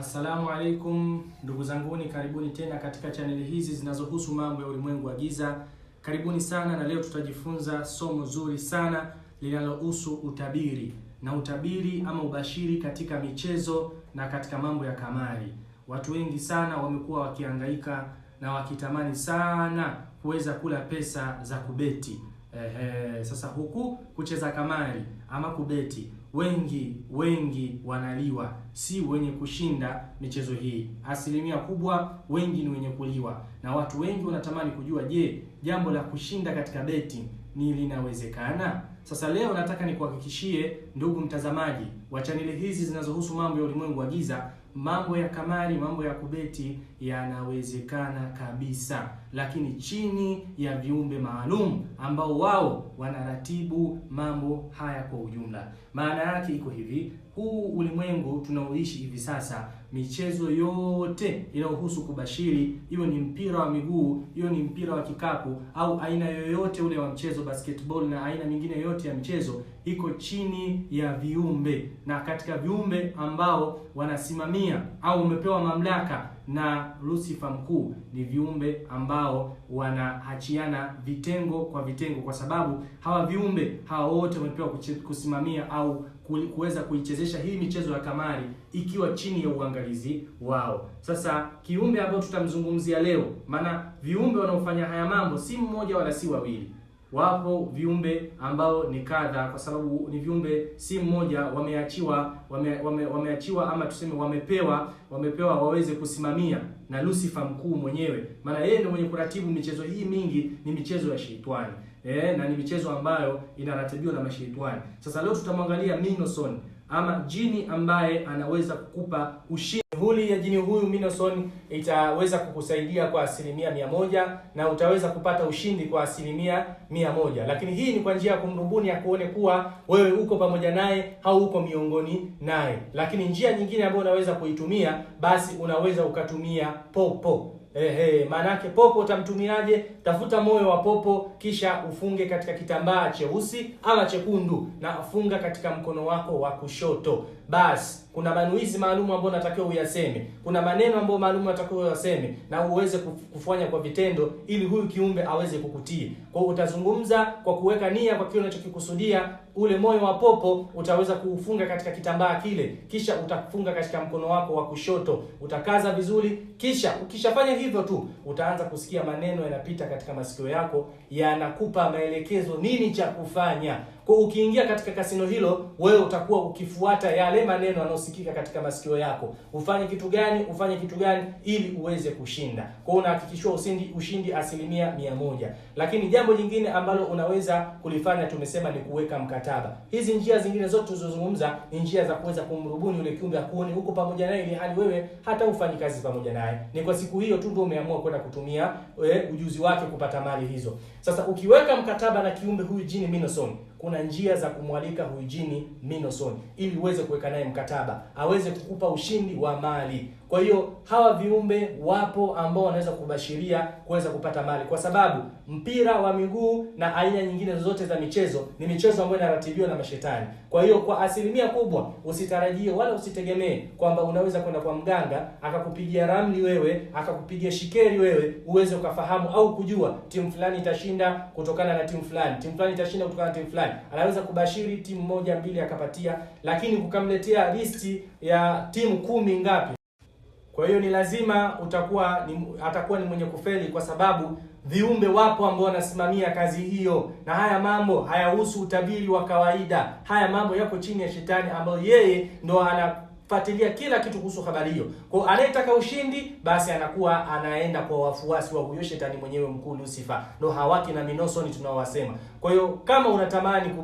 Assalamu alaikum ndugu zanguni, karibuni tena katika chaneli hizi zinazohusu mambo ya ulimwengu wa giza. Karibuni sana, na leo tutajifunza somo zuri sana linalohusu utabiri na utabiri ama ubashiri katika michezo na katika mambo ya kamari. Watu wengi sana wamekuwa wakihangaika na wakitamani sana kuweza kula pesa za kubeti. Ehe, sasa huku kucheza kamari ama kubeti wengi wengi wanaliwa, si wenye kushinda michezo hii. Asilimia kubwa wengi ni wenye kuliwa, na watu wengi wanatamani kujua, je, jambo la kushinda katika beti ni linawezekana? Sasa leo nataka nikuhakikishie ndugu mtazamaji wa chaneli hizi zinazohusu mambo ya ulimwengu wa giza, mambo ya kamari, mambo ya kubeti yanawezekana kabisa, lakini chini ya viumbe maalum ambao wao wanaratibu mambo haya kwa ujumla. Maana yake iko hivi, huu ulimwengu tunaoishi hivi sasa, michezo yote inayohusu kubashiri, iwe ni mpira wa miguu, iwe ni mpira wa kikapu au aina yoyote ule wa mchezo basketball, na aina nyingine yoyote ya mchezo iko chini ya viumbe, na katika viumbe ambao wanasimamia au umepewa mamlaka na Lucifer mkuu ni viumbe ambao wanaachiana vitengo kwa vitengo, kwa sababu hawa viumbe hawa wote wamepewa kusimamia au kuweza kuichezesha hii michezo ya kamari ikiwa chini ya uangalizi wao. Sasa kiumbe ambao tutamzungumzia leo, maana viumbe wanaofanya haya mambo si mmoja wala si wawili Wapo viumbe ambao ni kadha, kwa sababu ni viumbe si mmoja, wameachiwa wame, wame, wameachiwa ama tuseme wamepewa wamepewa waweze kusimamia na Lucifer mkuu mwenyewe, maana yeye ndiye mwenye kuratibu michezo hii mingi. Ni michezo ya sheitani e, na ni michezo ambayo inaratibiwa na masheitwani Sasa leo tutamwangalia Minoson ama jini ambaye anaweza kukupa ushi Shughuli ya jini huyu Minoson itaweza kukusaidia kwa asilimia mia moja na utaweza kupata ushindi kwa asilimia mia moja lakini hii ni kwa njia ya kumrubuni, ya kuone kuwa wewe uko pamoja naye au uko miongoni naye. Lakini njia nyingine ambayo unaweza kuitumia, basi unaweza ukatumia popo. Ehe, maanake popo utamtumiaje? Tafuta moyo wa popo, kisha ufunge katika kitambaa cheusi ama chekundu, na funga katika mkono wako wa kushoto basi kuna manuizi maalumu ambayo unatakiwa uyaseme, kuna maneno ambayo maalumu unatakiwa uyaseme na uweze kufanya kwa vitendo, ili huyu kiumbe aweze kukutii. Kwa hiyo utazungumza kwa kuweka nia kwa kile unachokikusudia. Ule moyo wa popo utaweza kuufunga katika kitambaa kile, kisha utafunga katika mkono wako wa kushoto, utakaza vizuri. Kisha ukishafanya hivyo tu, utaanza kusikia maneno yanapita katika masikio yako, yanakupa maelekezo nini cha kufanya. Kwa ukiingia katika kasino hilo, wewe utakuwa ukifuata yale yale maneno yanayosikika katika masikio yako, ufanye kitu gani, ufanye kitu gani ili uweze kushinda. Kwa hiyo unahakikishwa ushindi, ushindi asilimia mia moja. Lakini jambo jingine ambalo unaweza kulifanya tumesema ni kuweka mkataba. Hizi njia zingine zote tulizozungumza ni njia za kuweza kumrubuni yule kiumbe akuone huko pamoja naye, ili hali wewe hata ufanyi kazi pamoja naye, ni kwa siku hiyo tu ndio umeamua kwenda kutumia we, eh, ujuzi wake kupata mali hizo. Sasa ukiweka mkataba na kiumbe huyu jini Minoson kuna njia za kumwalika huyu jini Minoson ili uweze kuweka naye mkataba aweze kukupa ushindi wa mali. Kwa hiyo hawa viumbe wapo ambao wanaweza kubashiria kuweza kupata mali, kwa sababu mpira wa miguu na aina nyingine zote za michezo ni michezo ambayo inaratibiwa na mashetani. Kwa hiyo kwa asilimia kubwa usitarajie wala usitegemee kwamba unaweza kwenda kwa mganga akakupigia ramli wewe, akakupigia shikeli wewe uweze ukafahamu au kujua timu fulani itashinda kutokana na timu fulani, timu fulani itashinda kutokana na timu fulani. Anaweza kubashiri timu moja mbili akapatia, lakini kukamletea listi ya timu kumi ngapi kwa hiyo ni lazima utakuwa ni, atakuwa ni mwenye kufeli kwa sababu viumbe wapo ambao wanasimamia kazi hiyo, na haya mambo hayahusu utabiri wa kawaida. Haya mambo yako chini ya shetani, ambayo yeye ndo anafuatilia kila kitu kuhusu habari hiyo. Kwa anayetaka ushindi, basi anakuwa anaenda kwa wafuasi wa huyo shetani mwenyewe mkuu Lucifer, ndo hawaki na minosoni tunaowasema. Kwa hiyo kama unatamani kube